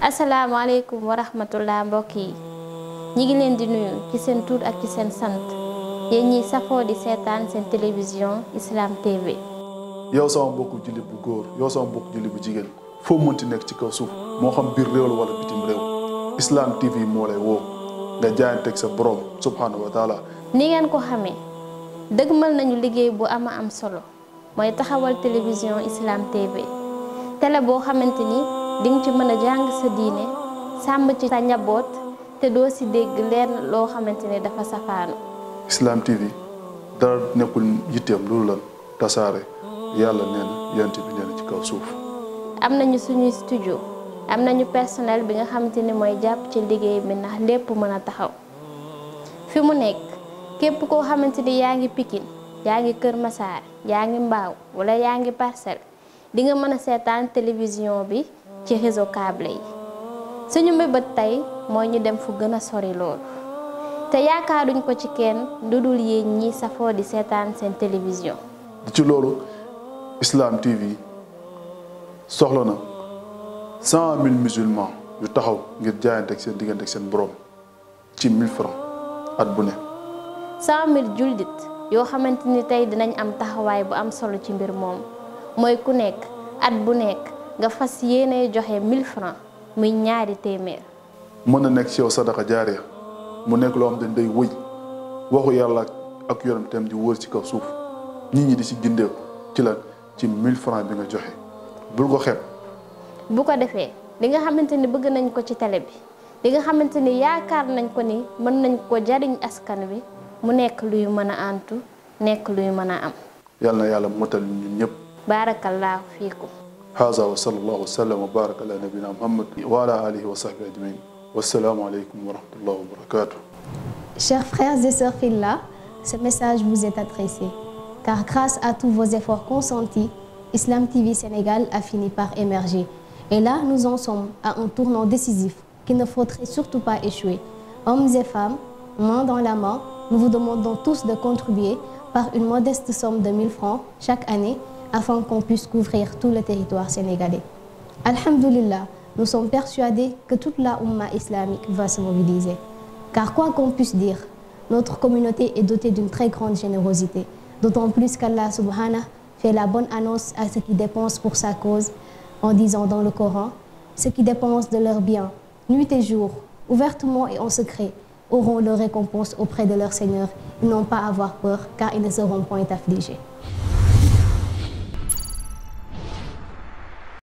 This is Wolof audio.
asalaamaaleykum wa rahmatullah mbokk yi ñi ngi leen di nuyu ci seen tuut ak ci seen sant yéen ñiy safoo di seetaan seen télévision Islam TV. yow sama mbokku jullit bu góor yow sama mbokku jullit bu jigéen foo mënti nekk ci kaw suuf moo xam biir réew la wala bitim réew Islam TV moo lay woo nga jaayanteeg sa borom subhanahu wa taala. ni ngeen ko xamee dëgmal nañu liggéey bu ama am solo mooy taxawal télévision Islam TV télé boo xamante ni. ding ci mën jang sa diine sàmm ci sa njaboot te do ci dégg lenn lo xamante dafa safaanu. Islam TV dara nekul yitteem loolu la tasaare yalla nee na bi nee ci kaw suuf. amna ñu suñu studio amna ñu personnel bi nga xamante moy japp ci liggéey bi ndax lépp mën taxaw fi mu nekk képp ko xamante yaangi pikin yaangi Kër Mbaaw wala yaangi parcel di nga mën sétane télévision bi. ci réseau câble yi suñu mbébét tey mooy ñu dem fu gën a sori loolu te yaakaaruñ ko ci kenn lu dul yéen ñi safoo di seetaan seen télévision. ci loolu Islam TV soxla na cent mille musulmans yu taxaw ngir jaayanteeg seen digganteeg seen boroom ci mille francs at bu ne. cent mille yoo xamante ni tey dinañ am taxawaay bu am solo ci mbir moom mooy ku nekk at bu nekk. nga fas yéene joxe 1000 francs muy ñaari téeméer. mën na nekk ci yow sadaka jaariya mu nekk loo xam ne day wëy waxu yàlla ak yonentam di wër ci kaw suuf nit ñi di ci gindeeku ci la ci 1000 francs bi nga joxe bul ko xeeb. bu ko defee li nga xamante ni bëgg nañ ko ci télé bi li nga xamante ni yaakaar nañ ko ni mën nañ ko jariñ askan bi mu nekk luy mën a antu nekk luy mën a am. yàlla na yàlla motal ñun ñëpp. baarakallaahu fiikum. Chers frères et sœurs là, ce message vous est adressé, car grâce à tous vos efforts consentis, Islam TV Sénégal a fini par émerger. Et là, nous en sommes à un tournant décisif qu'il ne faudrait surtout pas échouer. Hommes et femmes, main dans la main, nous vous demandons tous de contribuer par une modeste somme de 1000 francs chaque année afin qu'on puisse couvrir tout le territoire sénégalais. Alhamdulillah, nous sommes persuadés que toute la Ummah islamique va se mobiliser. Car quoi qu'on puisse dire, notre communauté est dotée d'une très grande générosité, d'autant plus qu'Allah subhanahu fait la bonne annonce à ceux qui dépensent pour sa cause en disant dans le Coran, ceux qui dépensent de leurs biens, nuit et jour, ouvertement et en secret, auront leur récompense auprès de leur Seigneur. et n'ont pas à avoir peur car ils ne seront point affligés.